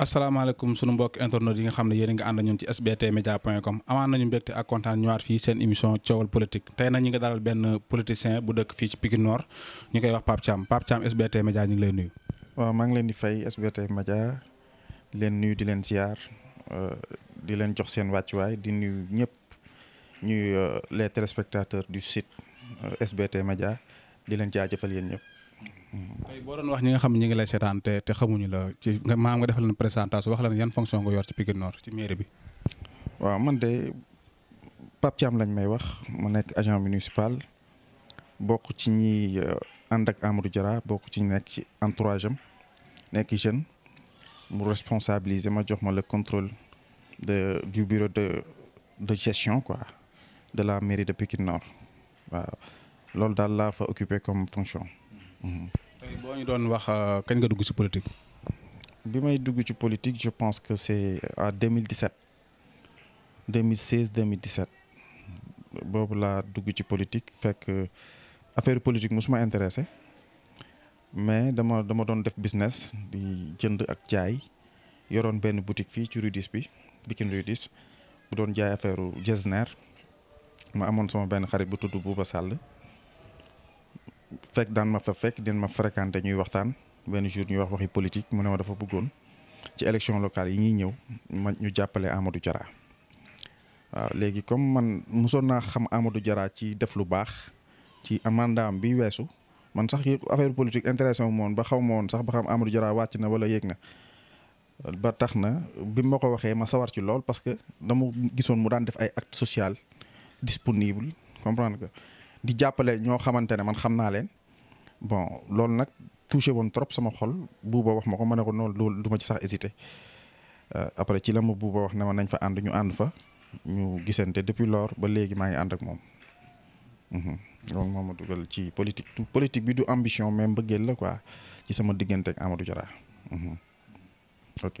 asalaamaaleykum sunu mbokk internet yi nga xam ne yéen a ngi ànd ñun ci sbt media point com amaan nañu mbégte ak kontaan ñëwaat fii seen émission coowal politique tey nag ñi nga dalal benn politicien bu dëkk fii ci Pikine ñu koy wax Pape Thiam Pape Thiam sbt media ñu ngi lay nuyu waaw maa leen di fay sbt media di leen nuyu di leen ziar euh, di leen jox seen wàccuwaay di nuyu ñëpp ñuy euh, les téléspectateurs du site euh, sbt media di leen jaajëfal yéen ñëpp tey boo doon wax ñi nga xam ne ñu ngi lay seetaan te te xamuñu la ci maam nga defal leen présentation wax la ne yan fonction nga yor ci Pikine Nord ci mairie bi. waaw man de Pape Thiam lañ may wax mu nekk agent municipal bokk ci ñi euh, ànd ak Amadou Diarra bokk ci ñi nekk ci entourage nekk jeune mu responsabiliser ma jox ma le contrôle de du bureau de de gestion quoi de la mairie de Pikine Nord waaw loolu daal laa fa occupé comme fonction. Mm-hmm. Mm-hmm. boo ñu doon wax euh, kañ nga dugg ci politique. bi may dugg ci politique je pense que c'est à 2017 2016 2017 boobu laa dugg ci politique fekk euh, affaire politique mosuma intéressé mais dama dama doon def business bi jënd ak jaay yoroon benn boutique fii ci Rudis bi Pikine Rudis bu doon jaay affaire u Jesner ma amoon sama benn xarit bu tudd Bouba sàll fekk daan ma fa fekk den ma fréquenté ñuy waxtaan benn jour ñuy wax waxi politique mu ne ma dafa bëggoon ci élection locale yi ñuy ñëw ma ñu jàppale Amadou Diarra waaw léegi comme man mosoon naa xam Amadou jaraa ci def lu baax ci amandaam bi weesu man sax affaire politique intéressé wu ma ba xaw ma woon sax ba xam Amadou Diarra wàcc na wala yéeg na ba tax na bi ma ko waxee ma sawar ci lool parce que dama gisoon mu daan def ay acte sociale disponible comprendre que di jàppale ñoo xamante ne man xam naa leen bon loolu nag touché woon trop sama xol buuba wax ma ko ma ne ko noonu loolu du ma ci sax hésité euh, après ci la ma buuba wax ne ma nañ fa ànd ñu ànd fa ñu gisante depuis lors ba léegi maa ngi ànd ak moom mhm. loolu moo ma dugal ci politique politique bi du ambition mais mbëggeel la ko ci sama diggante ak Amadou Diarra mhm. ok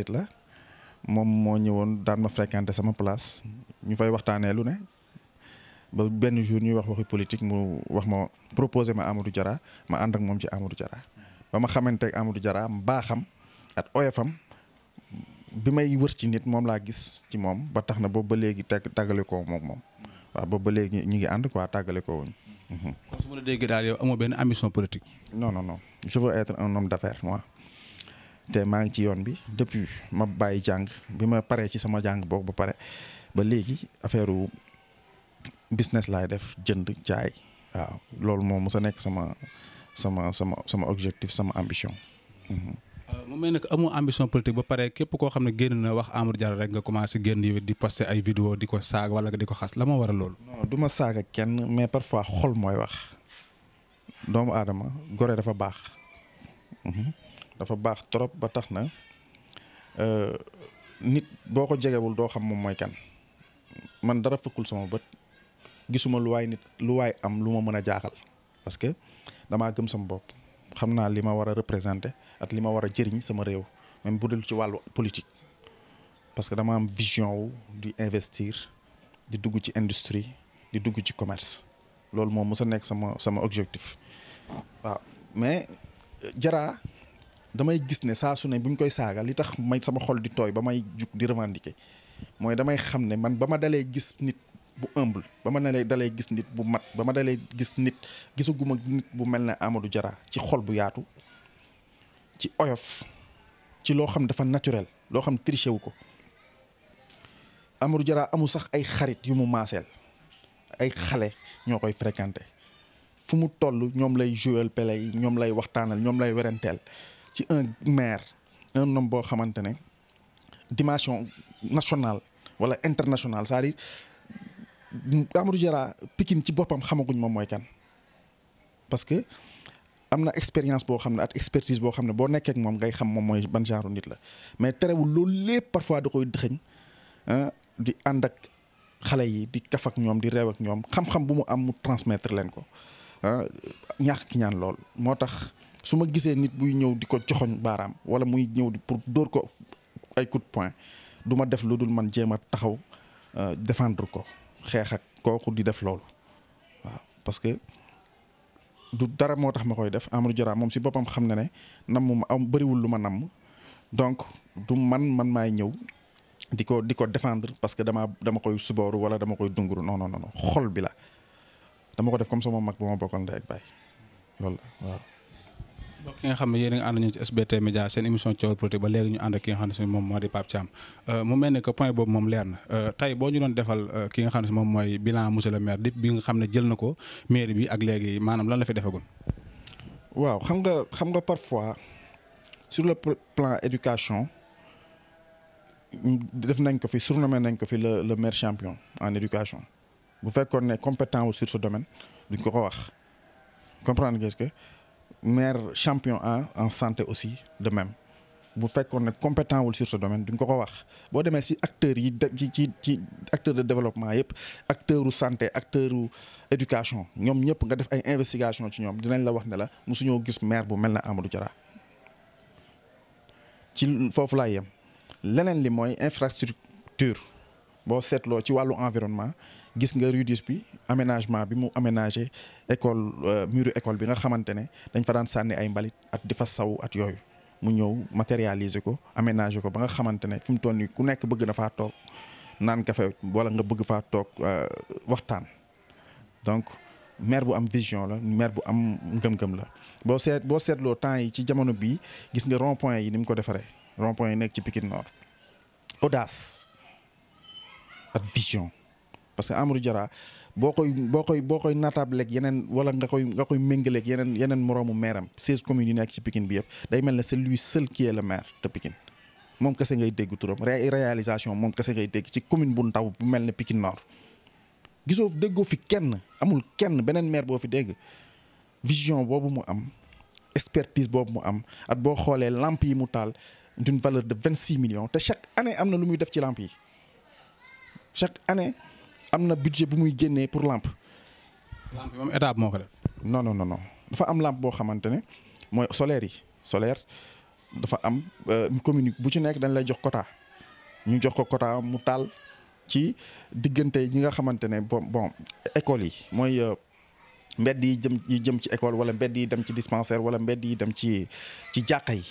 xarit la moom moo ñëwoon daan ma fréquenté sama place ñu fay waxtaanee lu ne ba benn jour ñuy wax waxi politique mu wax ma proposé ma amatu Diarra ma ànd ak moom ci amatu Diarra ba ma xamante amatu Amadou Diarra mbaaxam at oyofam bi may wër ci nit moom laa gis ci moom ba tax na boobu ba léegi teg tàggale koo moom moom waaw boobu ba léegi ñu ngi ànd quoi tàggale koo wuñ. kon su ma la déggee daal yow amoo benn ambition politique. non non non je un homme d'affaires te maa ngi ci yoon bi depuis ma bàyyi jàng bi ma paree ci sama jàng boog ba pare ba léegi affaire business laay def jënd jaay waaw loolu moom sa nekk sama sama sama sama objectif sama ambition. Mhm. Euh, mu mel ne que amoo ambition politique ba pare képp koo xam ne génn na wax Amadou Diallo rek nga commencé génn yow di poster ay vidéo di ko saaga wala di ko xas la ma war a loolu. non du ma saaga kenn mais parfois xol mooy wax doomu aadama gore dafa baax. Mhm. dafa baax trop ba tax na euh, nit boo ko jegewul doo xam moom mooy kan man dara fëkkul sama bët gisuma lu waay nit lu waay am lu ma mën a jaaxal parce que damaa gëm sama bopp xam naa li ma war a représenter ak li ma war a jëriñ sama réew même bu dul ci wàllu politique parce que dama am vision wu di investir di dugg ci industrie di dugg ci commerce loolu moom mës a nekk sama sama objectif waaw mais Diarra euh, damay gis ne saa su ne bu ñu koy saaga li tax may sama xol di tooy ba may jug di revendiquer mooy damay xam ne man ba ma dalee gis nit bu humble ba ma dalee dalee gis nit bu mat ba ma dalee gis nit gisaguma nit bu mel ne amadu Diarra ci xol bu yaatu ci oyof ci loo xam dafa naturel loo xam triché wu ko Amadou Diarra amul sax ay xarit yu mu maaseel ay xale ñoo koy fréquenté fu mu toll ñoom lay jouer pele ñoom lay waxtaanal ñoom lay weranteel ci un maire un homme boo xamante ne dimension nationale wala internationale c'est-à-dire Amadou Diarra Pikine ci boppam xamaguñ moom mooy kan parce que am na expérience boo xam ne at expertise boo xam ne boo nekkee moom ngay xam moom mooy ban genre nit la mais terewul loolu lépp parfois da koy dëxëñ di ànd ak xale yi di kaf ak ñoom di réew ak ñoom xam-xam bu mu am mu transmettre leen ko ah ñaax ki ñaan lool moo tax su ma gisee nit buy ñëw di ko joxoñ baaraam wala muy ñëw di pour dóor ko ay coup point poing du ma def lu dul man jéem a taxaw euh, défendre ko xeex ak kooku di def loolu waaw parce que du dara moo tax ma koy def Amadou Diarra moom si boppam xam na ne namm ma am bëriwul lu ma namm donc du man man maay ñëw di ko di ko defendre parce que dama dama koy subooru wala dama koy dunguru non non non xol bi la dama ko def comme sama mag bu ma bokkal ndey ak baay waaw. mbokk yi nga xam ne yéen a ngi ànd ñu ci SBT Média seen émission coowal politique ba léegi ñu ànd ak ki nga xam ne si moom moo di Pape Thiam euh, mu mel ni que point boobu moom leer na euh, tey boo ñu doon defal euh, ki nga xam ne si moom mooy bilan monsieur le maire di bi nga xam ne jël na ko mairie bi ak léegi maanaam lan la fi defagul. waaw xam nga xam nga parfois sur le plan éducation def nañ ko fi surnommé nañ ko fi le le maire champion en éducation bu fekkoon ne compétent wu sur ce domaine duñ ko ko wax comprendre nga ce maire champion en en santé aussi de même bu fekkoon ne compétent wul sur ce domaine duñ ko ko wax boo demee si acteurs yi ci ci ci acteur de développement yëpp acteur u santé acteur u éducation ñoom ñëpp nga def ay investigation ci ñoom dinañ la wax ne la mosuñoo gis maire bu mel na Amadou Diarra ci foofu laa yem leneen li mooy infrastructure boo seetloo ci wàllu environnement gis nga rudis bi aménagement bi mu aménagé école euh, muru école bi nga xamante ne dañ fa daan sànni ay mbalit at di fa saw at yooyu mu ñëw matérialiser ko aménagé ko ba nga xamante ne fi mu toll nii ku nekk bëgg na faa toog naan kafe wala nga bëgg faa toog euh, waxtaan donc maire bu am vision la maire bu am ngëm-ngëm la boo seet boo seetloo temps yi ci jamono bii gis nga rond point yi ni mu ko defaree rond yi nekk ci Pikine Nord audace ak vision parce que Amadou Diarra boo koy boo koy boo koy naataableeg yeneen wala nga koy nga koy méngaleeg yeneen yeneen moroomu maire am commune yi yu nekk ci Pikine bi yëpp day mel ne c'est lui seul ki est le maire de Pikine moom kese ngay dégg turam réalisation moom kese ngay dégg ci commune bu ndaw bu mel ne Pikine Nord gisoo déggoo fi kenn amul kenn beneen maire boo fi dégg vision boobu mu am expertise boobu mu am at boo xoolee làmp yi mu taal d'une valeur de vingt six millions te chaque année am na lu def ci lamp yi am na budget bu muy génnee pour làmp lampe moom état moo ko def. non non non dafa am lampe boo xamante ne mooy solaire yi solaire dafa am euh, commune bu ci nekk dañ lay jox quota ñu jox ko quota mu taal ci diggante ñi nga xamante ne bon bon école yi mooy. Euh, mbedd yi jëm yi jëm ci école wala mbedd yi dem ci dispensaire wala mbedd yi dem ci ci jàkka yi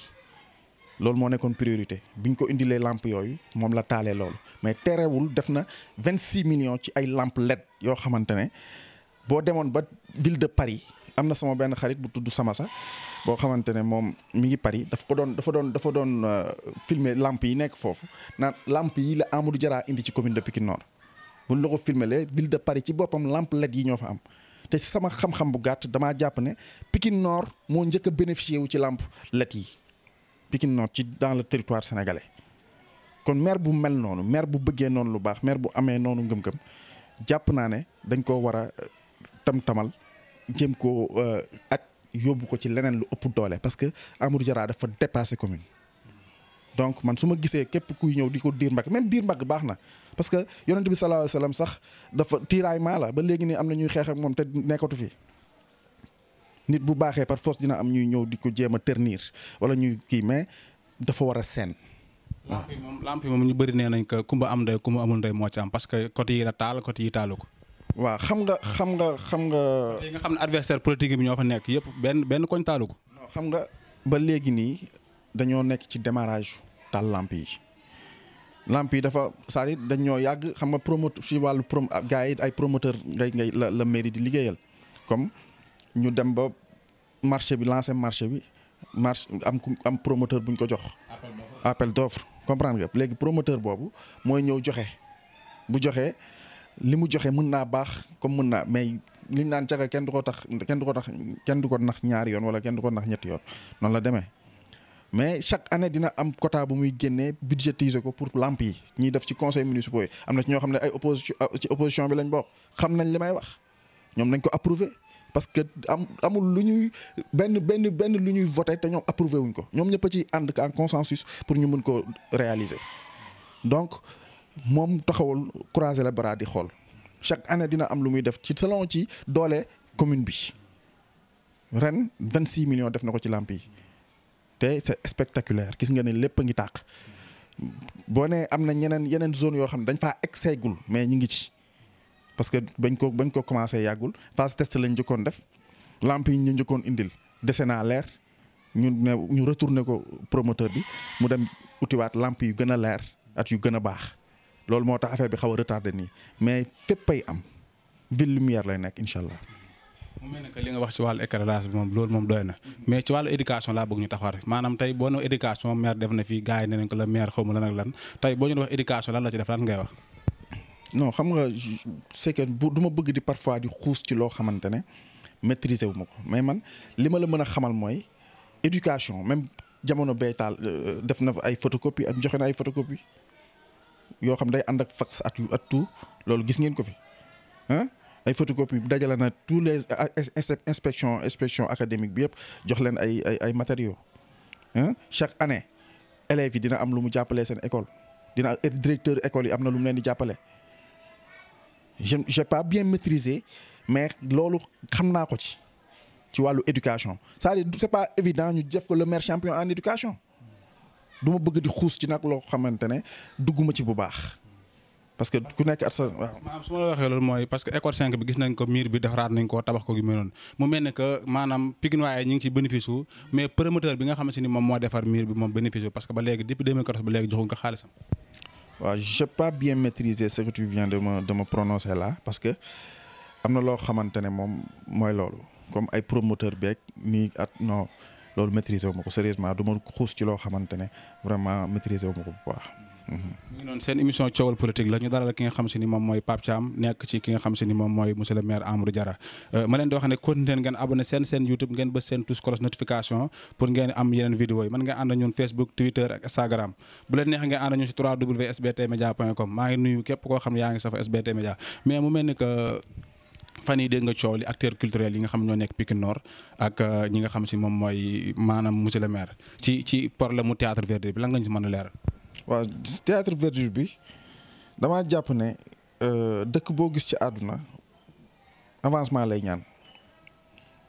loolu moo nekkoon priorité bi ñu ko indilee làmp yooyu moom la taalee loolu mais terewul def na vingt six millions ci ay lampe led yoo xamante ne boo demoon ba ville de Paris am na sama benn xarit bu tudd sama sax boo xamante ne moom mi ngi Paris daf ko doon dafa doon dafa doon euh, filmer lampe yi nekk foofu naan lampe yi la Amadou jaraa indi ci commune de Pikine Nord buñ la ko filmer ville de Paris ci boppam lampe led yi ñoo fa am te sama xam-xam bu gàtt damaa jàpp ne Pikine Nord moo njëkk a wu ci lampe led yi Pikine Nord ci dans le territoire sénégalais kon maire bu mel noonu maire bu bëggee noonu lu baax maire bu amee noonu ngëm-ngëm jàpp naa ne dañ koo war a euh, tam-tamal jëm ko euh, ak yóbbu ko ci leneen lu ëpp doole parce que jaraa Diarra dafa dépassé commune donc man su ma gisee képp kuy ñëw di ko diir mbagg même diir mbagg baax na parce que yonent bi sallallahu alayhi wasallam sax dafa tiiraay maa la ba léegi nii am na ñuy xeex ak moom te nekkatu fi nit bu baaxee par force dina am ñuy ñëw di ko jéem a ternir wala ñuy kii mais dafa war a seen. waaw yi moom lamp yi moom ñu bëri nee nañ ko kumba am ndey kumba amul ndey moo ci am parce que côté yi la taal côté yi taalu ko. waaw xam nga xam nga xam nga. xam ne adversaire politique bi ñoo fa nekk yëpp benn benn koñ taalu ko. xam nga ba léegi nii dañoo nekk ci démarrage taal lamp yi. làmp yi dafa c'est-à-dire dañ ñoo yàgg xam nga promoteur si wàllu prom gars yi ay promoteur ngay ngay la la mairie di liggéeyal comme. ñu dem ba marché bi lancé marché bi marché am ku am promoteur bu ñu ko jox. appel d'offre comprendre nga léegi promoteur boobu mooy ñëw joxe bu joxe li mu joxe mën naa baax comme mën naa mais liñ naan caga kenn du ko tax kenn du ko tax kenn du ko nax ñaari yoon wala kenn du ko nax ñetti yoon noonu la demee. mais chaque année dina am quota bu muy génnee budgétiser ko pour lamp yi ñuy def ci conseil municipal yi am na ci ñoo xam ne ay opposition ci opposition bi lañ bokk xam nañ li may wax ñoom nañ ko approuver. parce que am amul lu ñuy benn benn benn lu ñuy voté te ñoom approuvé wuñ ko ñoom ñëpp a ci ànd en consensus pour ñu mën ko réaliser. donc moom taxawul croiser la bras di xool chaque année dina am lu muy def ci selon ci doole commune bi ren vingt 26 million def na ko ci làmp yi te c'est spectaculaire gis nga ne lépp a ngi tàq boo nee am na ñeneen yeneen zone yoo xam ne dañ faa egg seegul mais ñu ngi ci. parce que bañ koo bañ ko commencé yàggul phase test lañ njëkkoon def lamp yi ñu njëkkoon indil dese naa leer ñu ne ñu retourné ko promoteur bi mu dem utiwaat lamp yu gën a leer at yu gën a baax loolu moo tax affaire bi xaw a retardé nii mais fépp ay am ville lumière lay nekk incha allah. mu mel ne que li nga wax ci wàllu éclairage bi moom loolu moom doy na mais ci wàllu éducation laa bëgg ñu taxawaat maanaam tey boo nee éducation ne la maire xaw wax éducation lan la ci def lan ngay wax. non xam nga c'est que bu du ma bëgg di parfois di xuus ci loo xamante ne maîtriser wu ma ko mais man li ma la mën a xamal mooy éducation même jamono baytaal euh, euh, def na ay photocopie am joxe na ay photocopie yoo xam day ànd ak fax at yu tout loolu gis ngeen ko fi ah ay photocopie dajale na tous les inspection inspection académique bi yëpp jox leen ay ay ay matériaux ah chaque année élèves yi dina am lu mu jàppale seen école dina directeur école yi am na lu mu leen di jàppale je j'ai pas bien maîtrisé mais loolu xam naa ko ci ci wàllu éducation cest à c'est pas évident ñu def ko le maire champion en éducation du ma bëgg di xuus ci nag loo xamante ne dugguma ci bu baax parce que ku nekk at sa waaw. maanaam su ma waxee loolu mooy parce que école 5 bi gis nañ ko miir bi defaraat nañ ko tabax ko gi mu mel ne maanaam Pikine waaye ñu ci bénéfice mais promoteur bi nga xamante ni moom moo defar miir bi moom bénéfice wu parce que ba waa j'ai pas bien maîtrisé ce que tu viens de me de prononcer là parce que am na loo xamante ne moom mooy loolu comme ay promoteur beeg nii at noo loolu maîtriser wu ko sérieusement du ma xuus ci loo xamante ne vraiment maîtriser wu ma ko bu baax. ñu noonu seen émission coowal politique la ñu dalal ki ni moom mooy Pape Thiam nekk ci ki nga xam si ni moom mooy monsieur le maire Amadou Diarra euh, ma leen di wax ne continuer ngeen abonné seen seen YouTube ngeen bës seen tous cloche am yeneen ñun Facebook Twitter ak Instagram bu leen neex ngeen ànd ñun si 3W sbtmedia point com maa ngi nuyu képp koo xam ne yaa ngi safa SBT Média mais mu mel ni euh, dégg nga coow li acteurs culturels yi nga xam ñoo nekk Pikine Nord ak euh, ñi nga xam si moom mooy maanaam monsieur le maire ci ci problème mu théâtre Verdi bi lan nga ñu si mën a leeral waaw théâtre verdure bi damaa jàpp ne euh, dëkk boo gis ci àdduna avancement lay ñaan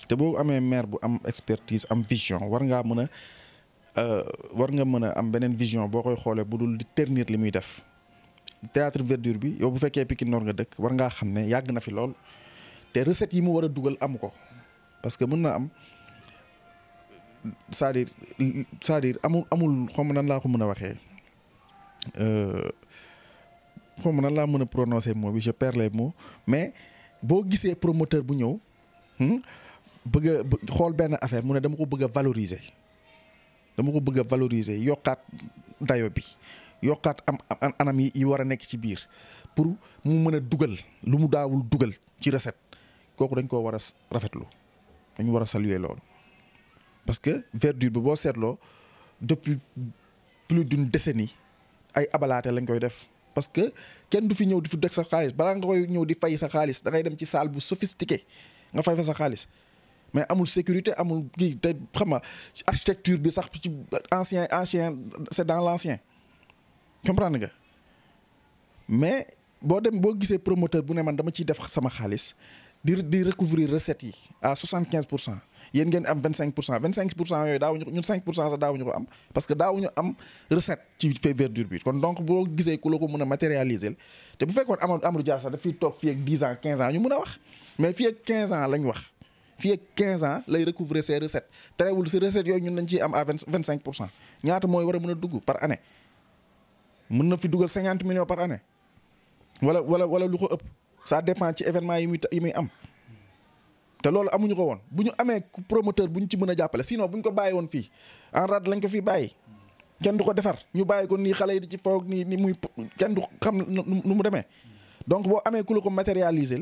te boo amee maire bu am expertise am vision war ngaa mën a euh, war nga mën a am beneen vision boo koy xoolee bu dul di ternir li muy def théâtre verdure bi yow bu fekkee Pikine Nord nga dëkk war ngaa xam ne yàgg na fi lool te recette yi mu war a dugal amu ko parce que mën na am c'est-à-dire cest amul amul xaw ma nan laa ko mën a waxee Euh, xaw ma nan laa mën a prononcer mot bi je perds les mais boo gisee promoteur bu ñëw hmm, bëgg a xool benn affaire mu ne dama ko bëgg a valoriser dama ko bëgg a valoriser yokkaat dayo bi yokkaat am anam yi yi war a nekk ci biir pour mu mën a dugal lu mu daawul dugal ci recette kooku dañ koo war a rafetlu dañu war a saluer loolu parce que verdure bi boo seetloo depuis plus d'une décennie ay abalaate lañ koy def parce que kenn du fi ñëw du fi deg sa xaalis balaa nga koy ñëw di fay sa xaalis da ngay dem ci salle bu sophistiqué nga fay fa sa xaalis mais amul sécurité amul kii te xam nga architecture bi sax ci ancien ancien c'est dans l'ancien comprendre nga mais boo dem boo gisee promoteur bu ne man dama ciy def sama xaalis di di recouvrir recettes yi à soixante quinze pour cent yéen ngeen am vingt cinq pour cent vingt cinq pour cent yooyu daawuñu ñun cinq pour cent sax daawuñu ko am parce que daawuñu am recette ci fee verdure bi kon donc boo gisee ku la ko mën a matérialiser te bu fekkoon Amadou Amadou Dia sax daf fiy toog fii ak dix ans quinze ans ñu mën a wax mais fii ak quinze ans lañ wax fii ak 15 ans lay recouvrer ses recettes terewul si recettes yooyu ñun lañ ciy am à vingt cinq pour cent ñaata mooy war a mën a dugg par na fi dugal cinquante millions par année wala wala wala lu ko ëpp ça dépend ci événement yi muy yi am te loolu amuñu ko woon bu ñu amee promoteur bu ñu ci mën a jàppale sinon bu ñu ko bàyyi woon fii en rade lañ ko fii bàyyi kenn du ko defar ñu bàyyi ko nii xale yi di ci foog nii nii muy kenn du xam nu mu demee donc boo amee ku la ko matérialiser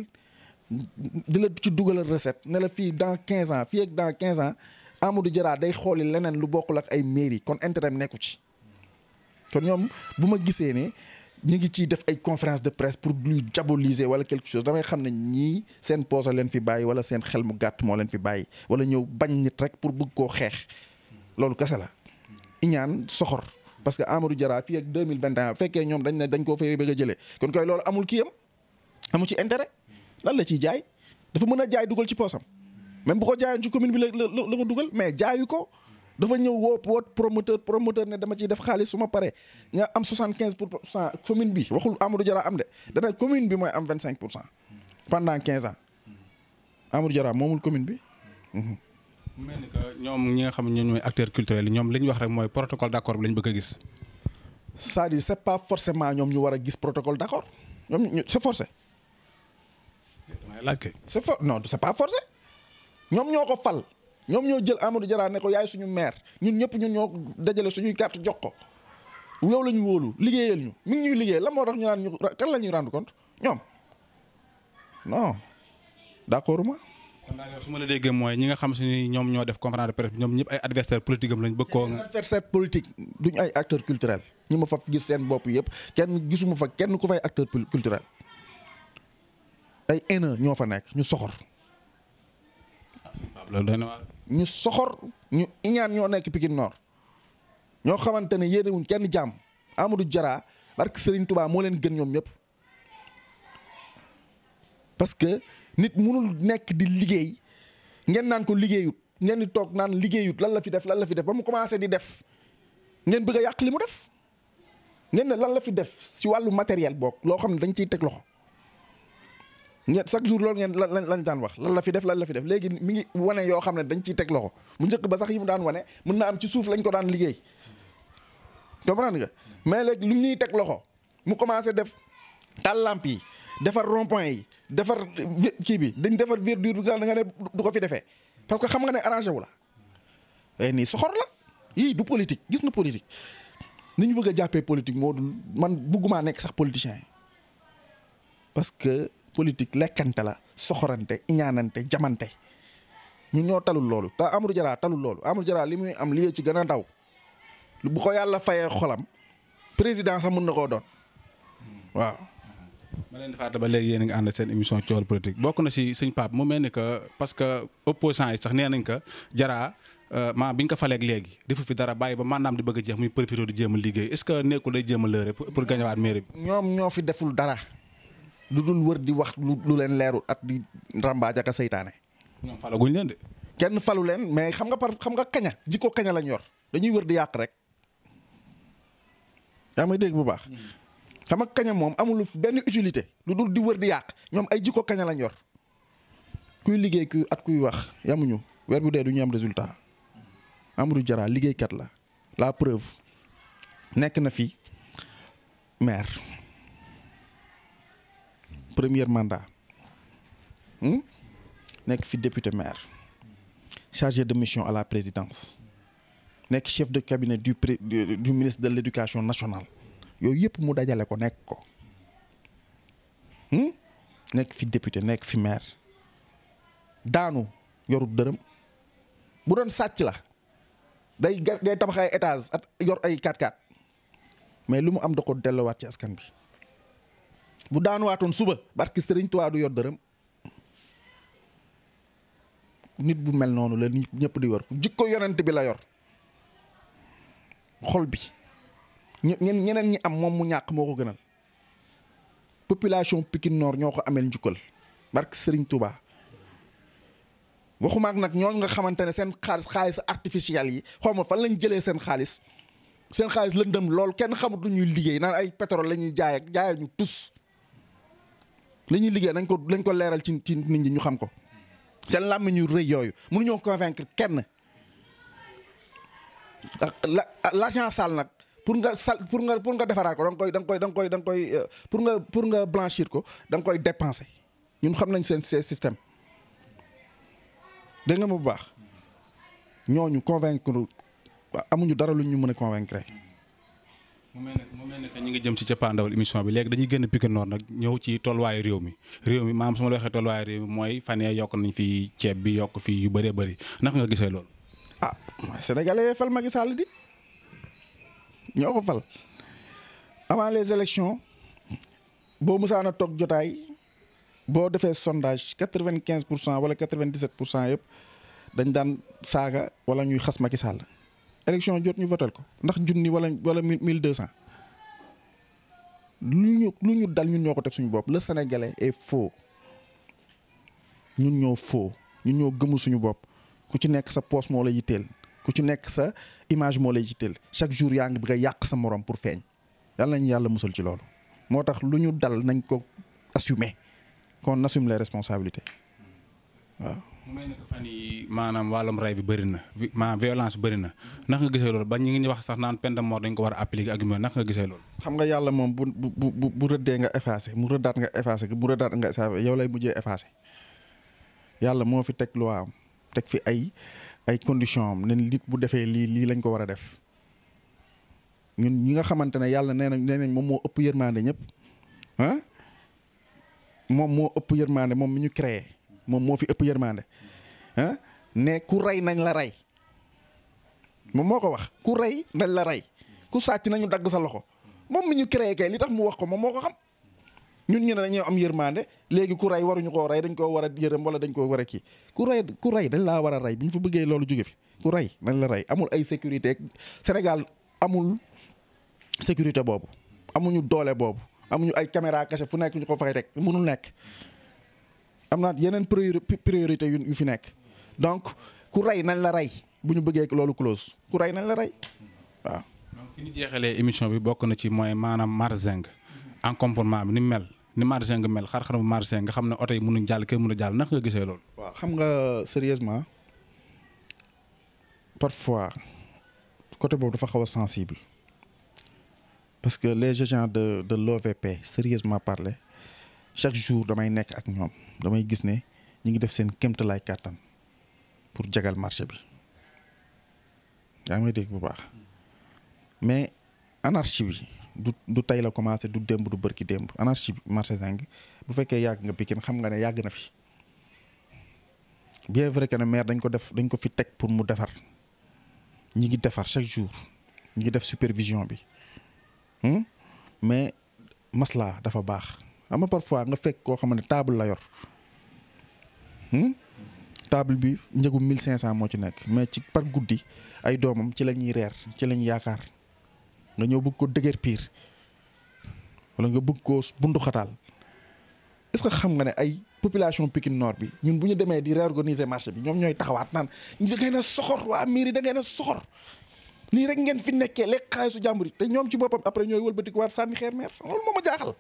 di la ci dugalal recette ne la fii dans quinze ans fii ak dans quinze ans Amadou Diarra day xooli leneen lu bokkul ak ay mairie kon intérêt nekku ci kon ñoom bu ma gisee ne ñu ngi ciy def ay conférence de presse pour luy diaboliser wala quelque chose damay xam ne ñii seen poosa leen fi bàyyi wala seen xel mu gàtt moo leen fi bàyyi wala ñëw bañ nit rek pour bëgg koo xeex loolu kese la iñaan soxor parce que Amadou Diarra fii ak deux mille vingt ans un fekkee ñoom dañ ne dañ koo fay bëgg a jëlee kon koy loolu amul kii am amu ci intérêt lan la ciy jaay dafa mën a jaay dugal ci poosam même bu ko jaayoon ci commune bi la la ko dugal mais jaayu ko dafa ñëw woo woot promoteur promoteur ne dama ciy def xaalis su ma paree nga am 75 pour cent commune bi waxul Amadou Diarra am de dana commune bi mooy am 25 pour cent pendant 15 am Amadou Diarra moomul commune bi. Mhm. mu ñoom ñi nga xam ne ñoom ñooy acteurs yi ñoom li ñu wax rek mooy protocole d' accord bi la bëgg a gis. c'est-à-dire c' est pas forcément ñoom ñu war a gis protocole d' accord ñoom ñu c' est forcé. est for non c' est pas forcé ñoom ñoo ko fal. ñoom ñoo jël Amadou Diarra ne ko yaay suñu maire ñun ñëpp ñun ñoo dajale suñuy carte jox ko yow la ñu wóolu liggéeyal ñu mu ngi ñuy liggéey la moo tax ñu naan ñu kan la ñuy rendre compte ñoom non ma. kon daal su ma la déggee mooy ñi nga xam si ni ñoom ñoo def conférence de presse ñoom ñëpp ay adversaire politique am bëgg koo. adversaire politique duñ ay acteur culturel ñi ma fa gis seen bopp yëpp kenn gisuma fa kenn ku fay acteur culturel ay haineux ñoo fa nekk ñu soxor. Ah, loolu doy ñu soxor ñu iñaan ñoo nekk Pikine Nord ñoo xamante ne yéenewuñ kenn jàmm Amadou Diarra barke Serigne Touba moo leen gën ñoom ñëpp parce que nit mënul nekk di liggéey ngeen naan ko liggéeyut ngeen di toog naan liggéeyut lan la fi def lan la fi def ba mu commencé di def ngeen bëgg a yàq li mu def ngeen ne lan la fi def si wàllu matériel boog loo xam ne dañ ciy teg loxo ñett chaque jour loolu ngeen lan lañ daan wax lan la fi def lan la fi def léegi mi ngi wane yoo xam ne dañ ciy teg loxo bu njëkk ba sax yi mu daan wane mën na am ci suuf lañ ko daan liggéey comprendre nga mais léegi lu ñuy teg loxo mu commencé def tàllamp yi defar rond point yi defar kii bi dañ defar verdure bi nga ne du ko fi defee parce que xam nga ne arrangé wu la ay nii soxor la yii du politique gis nga politique ni ñu bëgg a jàppee politique moo dul man bëgguma nekk sax politicien yi politique lekkante la soxorante iñaanante jamante ñun ñoo talul loolu te Amadou Diarra talul loolu Amadou Diarra li muy am lii ci gën a ndaw bu ko yàlla fayee xolam président sax mun na koo doon waaw. ma leen di fàttali ba léegi yéen a ngi ànd seen émission coowal politique bokk na si suñ Pape mu mel que parce que opposants sax nee nañ que euh, maa bi ñu ko faleeg léegi defu fi dara bàyyi ba maanaam di bëgg a jeex muy profité di liggéey est que nekkul day jéem lëre pour gañawaat mairie lu dul wër di wax lu leen leeru at di ràmbaaj ak seytaane. ñoom falaguñ leen kenn falu leen mais xam nga par xam nga kaña jikko kaña lañ yor dañuy wër di yàq rek. yaa ma dégg bu baax. xam nga kaña moom amul benn utilité lu dul di wër di yàq ñoom ay jikko kaña lañ yor. kuy liggéey ku at kuy wax yamuñu weer bu dee du ñu résultat résultat. Amadou Diarra liggéeykat la la preuve nekk na fi maire. première mandat hmm? nekk fi député maire chargé de mission à la présidence nekk chef de cabinet du pré du ministre de l'éducation nationale yooyu yëpp mu dajale ko nekk ko hmm? nekk fi député nekk fi maire daanu yoru dërëm bu doon sàcc la day day tabax ay étage at yor ay 4 x mais lu mu am da ko dellowaat ci askan bi bu daanuwaatoon suba barki sëriñ Tuubaa du yor dërëm nit bu mel noonu la nit ñëpp di yor jikko yonent bi la yor xol bi ñeneen ñeneen ñi am moom mu ñàkk moo ko gënal population Pikine Nord ñoo ko ameel njukkal barki sëriñ Tuubaa waxuma ak nag ñooñu nga xamante ne seen xaalis xaalis artificiel yi xaw ma fan lañ jëlee seen xaalis seen xaalis lëndëm lool kenn xamut lu ñuy liggéey naan ay pétrole lañuy ñuy jaay ñu jaayuñu tus li ñuy liggéey nañ ko lañ ko leeral ci ci nit ñi ñu xam ko seen làmmiñ ñu rëy yooyu mënuñoo convaincre kenn ah, la ah, la sale nag pour nga sal pour nga pour nga defaraat ko da nga koy da koy da koy da koy euh, pour nga pour nga blanchir ko da nga koy dépenser ñun xam nañ seen seen système dégg nga bu baax ñooñu convaincre amuñu dara lu ñu mën a convaincre mu mel ne mu mel ne ñu ngi jëm ci cappaandawal émission bi léegi dañuy gën a Pikine Nord nag ñëw ci tolluwaayu réew mi réew mi maam su ma la waxee tolluwaayu réew mi mooy fan yee yokk nañ fi ceeb bi yokk fi yu bëree bari ndax nga gisee loolu. ah Sénégalais fal Macky Sall di ñoo ko fal avant les élections boo musaan a toog jotaay boo defee sondage quatre vingt quinze pour cent wala quatre vingt dix pour cent yëpp dañ daan saaga wala ñuy xas Macky Sall élection jot ñu votal ko ndax junni wala wala mille deux cent lu ñu lu ñu dal ñun ñoo ko teg suñu bopp la sénégalais est foo ñun ñoo foo ñun ñoo gëmul suñu bopp ku ci nekk sa poos moo la yitteel ku ci nekk sa image moo la yitteel chaque jour yaa ngi bëgg a yàq sa moroom pour feeñ yàlla nañu yàlla musal ci loolu moo tax lu ñu dal nañ ko assumer qu'on assume les responsabilité waaw. mu mel ne que fan yi maanaam wàllum rey bi bëri na ma violence bëri na naka nga gisee loolu ba ñu ngi wax sax naan peine de mort dañ ko war a appliquer ak gisee loolu. xam nga yàlla moom bu bu bu bu rëddee nga effacé mu rëddaat nga effacé mu rëddaat nga effacé yow lay mujjee effacé yàlla moo fi teg loi teg fi ay ay condition am ne nit bu defee lii lii lañ ko war a def ñun ñi nga xamante ne yàlla nee nañ nee nañ moom moo ëpp yërmande ñëpp ah moom moo ëpp yërmande moom mu ñu créé moom moo fi ëpp yërmande. ne ku rey nañ la rey moom moo ko wax ku rey nañ la rey ku sàcc nañu dagg sa loxo moom mi ñu créé kay li tax mu wax ko moom moo ko xam ñun ñu ne dañoo am yërmande léegi ku rey waruñu koo rey dañ koo war a yërëm wala dañ koo war a kii ku rey ku dañ laa war a rey bi ñu fa bëggee loolu jóge fi ku rey nañ la rey amul ay sécurité Sénégal amul sécurité boobu amuñu doole boobu amuñu ay caméra cachée fu nekk ñu ko fay rek mënul nekk am naat yeneen priorité yu fi nekk. donc ku rey nañ la rey bu ñu bëggee loolu close ku rey nañ la rey waaw. donc fi jeexalee émission bi bokk na ci mooy maanaam Marzeng en comportement bi ni mel ni margin mel xar-xaram Marzeng nga xam ne oto yi mënuñ jàll mun mënu jàll naka nga gisee loolu. waaw xam nga sérieusement parfois côté boobu dafa xaw a sensible parce que les agents de de l'OVP sérieusement parle chaque jour damay nekk ak ñoom damay gis ne ñu ngi def seen kéemtalaay kàttan. pour jagal marché bi yaa ngi may dégg bu baax mais anarchie bi du du tey la commencé du démb du bërki démb anarchie bi marché zinc bu fekkee yàgg nga Pikine xam nga ne yàgg na fi bien vrai que ne maire dañ ko def dañ ko fi teg pour mu defar ñi ngi defar chaque jour ñi ngi def supervision bi hmm? mais masla dafa baax xam nga parfois nga fekk koo xam ne table la yor. Hmm? table bi mille cinq 1500 moo ci nekk mais ci par guddi ay doomam ci la ñuy reer ci lañ yaakaar nga ñëw bugg ko dëgër piir wala nga bugg ko bundu xataal est-ce que xam nga ne ay population Pikine Nord bi ñun bu ñu demee di réorganiser marché bi ñoom ñooy taxawaat naan da ngeen a soxor waa mairie da ngeen a soxor nii rek ngeen fi nekkee lekk xaalisu jàmbur yi te ñoom ci boppam après ñooy wëlbatikuwaat sànni xeer meer loolu moo ma jaaxal.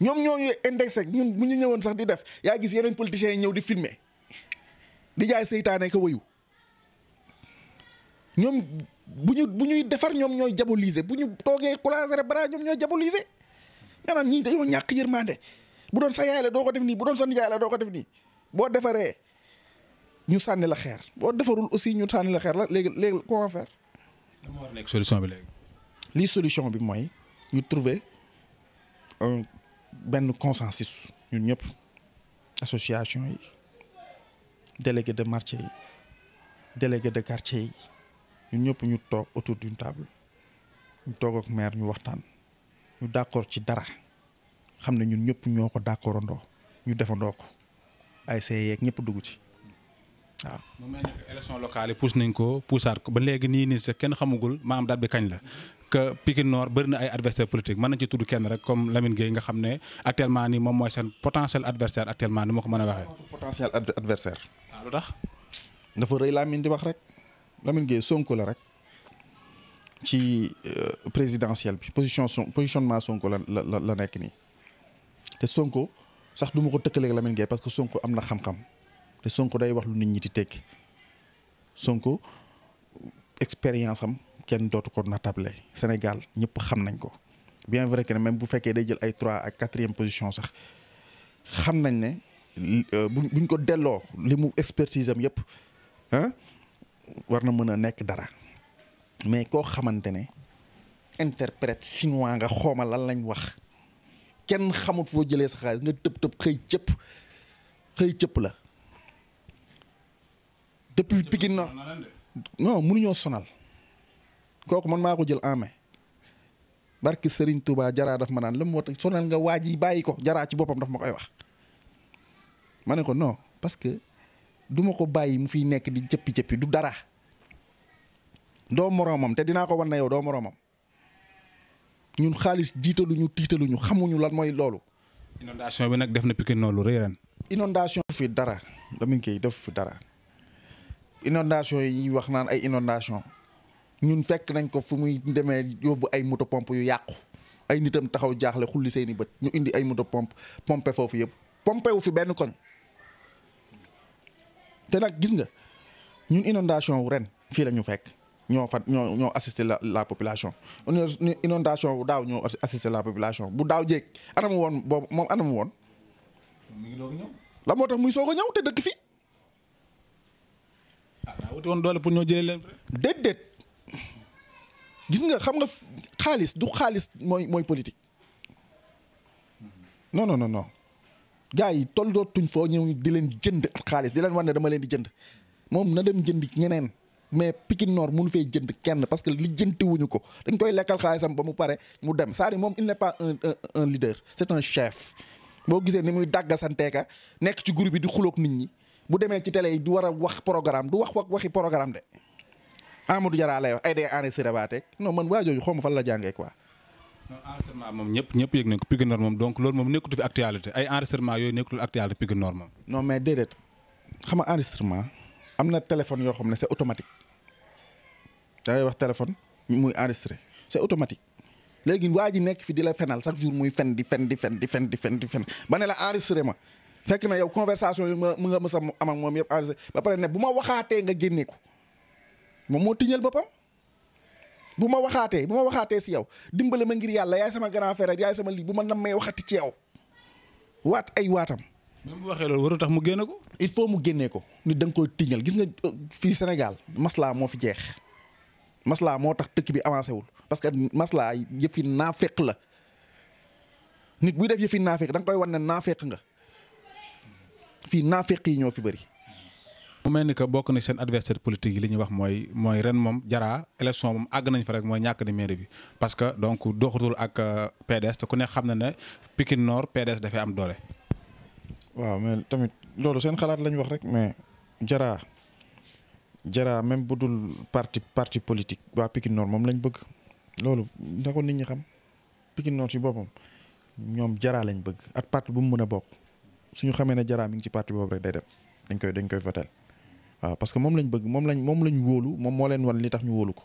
ñoom ñooñu indexé ñun bu ñu ñëwoon sax di def yaa gis yeneen politiciens yi ñëw di filmer di jaay seytaane ko wëyu ñoom bu ñu bu ñuy defar ñoom ñooy diaboliser bu ñu toogee croiser bras ñoom ñooy diaboliser nga naan ñii dañoo ñàkk yërmande bu doon sa yaay la doo ko def nii bu doon sa nijaay la doo ko def nii boo defaree ñu sànni la xeer boo defarul aussi ñu sànni la xeer la léegi léegi comment faire. dama war solution bi léegi. lii solution bi mooy ñu trouver benn consensus ñun ñëpp association yi délégué de marché yi délégué de quartier yi ñun ñëpp ñu toog autour d'une table ñu toog ak maire ñu waxtaan ñu d'accord ci dara xam ne ñun ñëpp ñoo ko d'accordandoo ñu defandoo ko ay see yeeg ñëpp dugg ci waaw. mu mel ni que élection locale yi pousse nañ ko poussaat ko ba léegi nii nii sax kenn xamugul maam date bi kañ la que Pikine Nord bëri na ay adversaire politique mën nañ ci tudd kenn rek comme Lamine Gueye nga xam ne actuellement nii moom mooy seen potentiel adversaire actuellement ni ma ko mën a waxee. potentiel adversaire. waaw ah, lu tax. ndafa rëy Lamine di wax rek lamin Gueye Sonko la rek ci euh, présidentielle bi position son positionnement Sonko la la la nekk nii te Sonko sax du ma ko tëkkaleeg Lamine Gueye parce que Sonko am na xam-xam te Sonko day wax lu nit ñi di tekki Sonko expérience am. kenn dootu ko natable Sénégal ñëpp xam nañ ko bien vrai que ne même bu fekkee day jël ay trois ak quatrième position sax xam nañ ne euh, bu buñ ko delloo li mu expertise am yëpp ah war na mën a nekk dara mais koo xamante ne interprète chinois nga xooma lan lañ wax kenn xamut foo jëlee sa xaalis nga tëb tëb xëy cëpp xëy cëpp la depuis Pikine na non mënuñoo sonal kooku man maa ko jël en main barki Serigne Touba jaraa daf ma naan la mu war sonal nga waaj yi bàyyi ko jaraa ci boppam daf ma koy wax. ma ne ko non parce que du ko bàyyi mu fi nekk di jëppi jëppi du dara doo moroomam te dinaa ko wan na yow doo moroomam ñun xaalis jiitaluñu tiitaluñu xamuñu lan mooy loolu. inondation bi nag def na Pikine noonu lu ren. inondation fi dara dama koy def fi dara inondation yi wax naan ay inondation ñun fekk nañ ko fu muy demee yóbbu ay moto pompe yu yàqu ay nitam taxaw jaaxle xulli seeni bët ñu indi ay moto pompe pompe foofu yëpp pompe wu fi benn koñ te nag gis nga ñun inondation wu ren fii la ñu fekk ñoo fa ñoo ñoo assister la la population inondation bu daaw ñoo assister la population bu daaw jéeg anamu woon boobu moom anamu woon. la moo tax muy soog a ñëw te dëkk fii. ah doole pour ñoo jëlee leen. déedéet. gis nga xam nga xaalis du xaalis mooy mooy politique non non non non yi toll dootuñ foo ñëw di leen jënd xaalis di leen war ne dama leen di jënd moom na dem jënd ñeneen mais Pikine Nord mënu fee jënd kenn parce que li jëntiwuñu ko dañ koy lekkal xaalisam ba mu pare mu dem Sadio moom il n'est pas un un leader c'est un chef boo gisee ni muy dàggasanteeka nekk ci groupe bi di xulook nit ñi bu demee ci télé yi du war a wax programme du wax wax waxi programme de. Amadou Diarra lay wax ay dee aane sërëbaateeg non man waa jooju ma fan la jàngee quoi. non moom ñëpp ñëpp yëg nañ ko Pikine Nord moom donc loolu moom nekkatu fi actualité ay enregistrement yooyu nekkatul actualité Pikine Nord xam nga enregistrement am na téléphone yoo xam ne c'est automatique da wax téléphone muy enregistré c'est automatique. léegi waa ji nekk fi di la fenal chaque jour muy fen di fen di fen di fen di fen di fen ba ne la enregistré ma fekk na yow conversation yi ma nga mës a am ak moom yëpp enregistré ba pare ne bu ma waxaatee nga génne ko moom moo tiñal boppam bu ma waxaatee bu ma waxaatee si yow dimbale ma ngir yàlla yaay sama grand frère yaay sama lii bu ma nam may waxati ci yow waat ay waatam. waxee loolu warul tax mu génne ko. il faut mu génnee ko nit danga nga koy tiñal gis nga fii Sénégal maslaa moo fi jeex maslaa moo tax tëkk bi avancé wul parce que maslaa yëfi naafeq la nit buy def yëfi naafeq da nga koy wan ne naafeq nga fii naafeq yi ñoo fi bëri. mu mel ni que bokk na seen adversaire politique yi li ñuy wax mooy mooy ren moom jaraa élection moom àgg nañ fa rek mooy ñàkk di mairie bi parce que donc doxatul ak euh, PDS ku ne xam na ne Pikine Nord PDS dafay am doole. waaw mais tamit loolu seen xalaat lañ wax rek mais jaraa jaraa même bu dul parti parti politique waa Pikine moom lañ bëgg loolu na ko nit ñi xam Pikine si ci boppam ñoom jaraa lañ bëgg ak parti bu mu mën a bokk suñu xamee ne jaraa mi ngi ci parti boobu rek day dem dañ koy dañ koy votel waaw parce que moom lañ bëgg moom lañ moom lañ wóolu moom moo leen wan li tax ñu wóolu ko.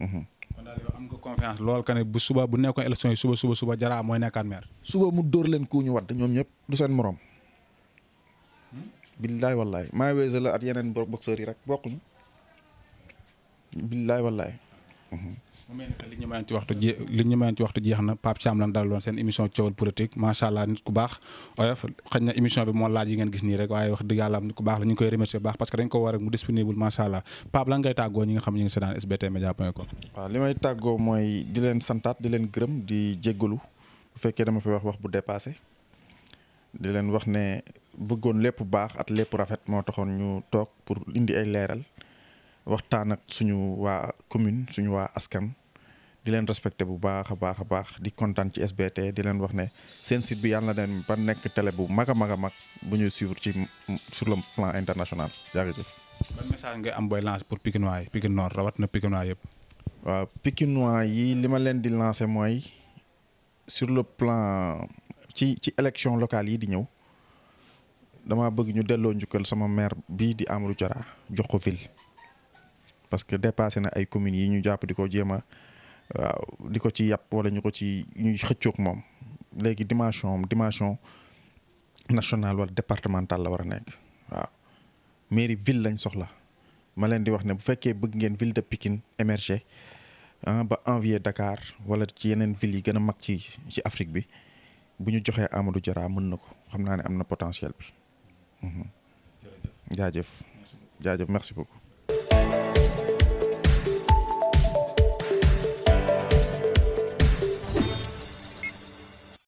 Mhm. kon daal am nga confiance lool que ne bu suba bu nekkoon élection yi suba suba suba jaraa mooy nekkaat maire. suba mu dóor leen ku ñu wadd ñoom ñëpp du seen morom. Hmm? billaay wallaay maa weese la at yeneen boxeurs yi rek bokkuñu. billaay wallaay. Mhm. mu mel ni li ñu mayoon ci waxtu ji li ñu mayoon ci waxtu na Pape Thiam lan dalaloon seen émission coowal politique macha allah nit ku baax oyof xëy na émission bi moo laaj yi ngeen gis nii rek waaye wax dëgg yàlla nit ku baax la ñu ngi koy remercier bu baax parce que dañ ko war rek mu disponible macha allah Pape lan ngay ñi nga xam ñu ngi seetaan sbtmedia.com waaw li may tàggoo mooy di leen santaat di leen gërëm di jéggalu bu fekkee dama fi wax wax bu dépassé di leen wax ne bëggoon lépp baax at lépp rafet moo taxoon ñu toog pour indi ay leeral waxtaan ak suñu waa commune suñu waa askan di leen respecté bu baax a baax a baax di kontaan ci SBT di leen wax ne seen site bi yàlla na leen ba nekk télé bu mag a mag a mag bu ñuy suivre ci sur le plan international jaajëf. ban message ngay am booy lancer pour Pikinois yi Pikine Nord rawat na Pikinois yëpp. waaw Pikinois yi li ma leen di lancer mooy sur le plan ci ci élection locale yi di ñëw dama bëgg ñu delloo njukkal sama maire bi di Amadou Diarra jox ko ville. parce que dépassé na ay communes yi ñu jàpp di ko jéem waaw di ko ci yàpp walla ñu ko ci ñuy xëccoog moom léegi dimension dimension nationale wala départementale la war a nekk waaw mairie ville lañ soxla ma leen di wax ne bu fekkee bëgg ngeen ville de Pikine émerger ah, ba envier Dakar wala ci yeneen villes yi gën a mag ci ci Afrique bi bu ñu joxee Amadou Diarra mën na ko xam naa ne am na potentiel bi. Mhm. jërëjëf jaajëf merci beaucoup.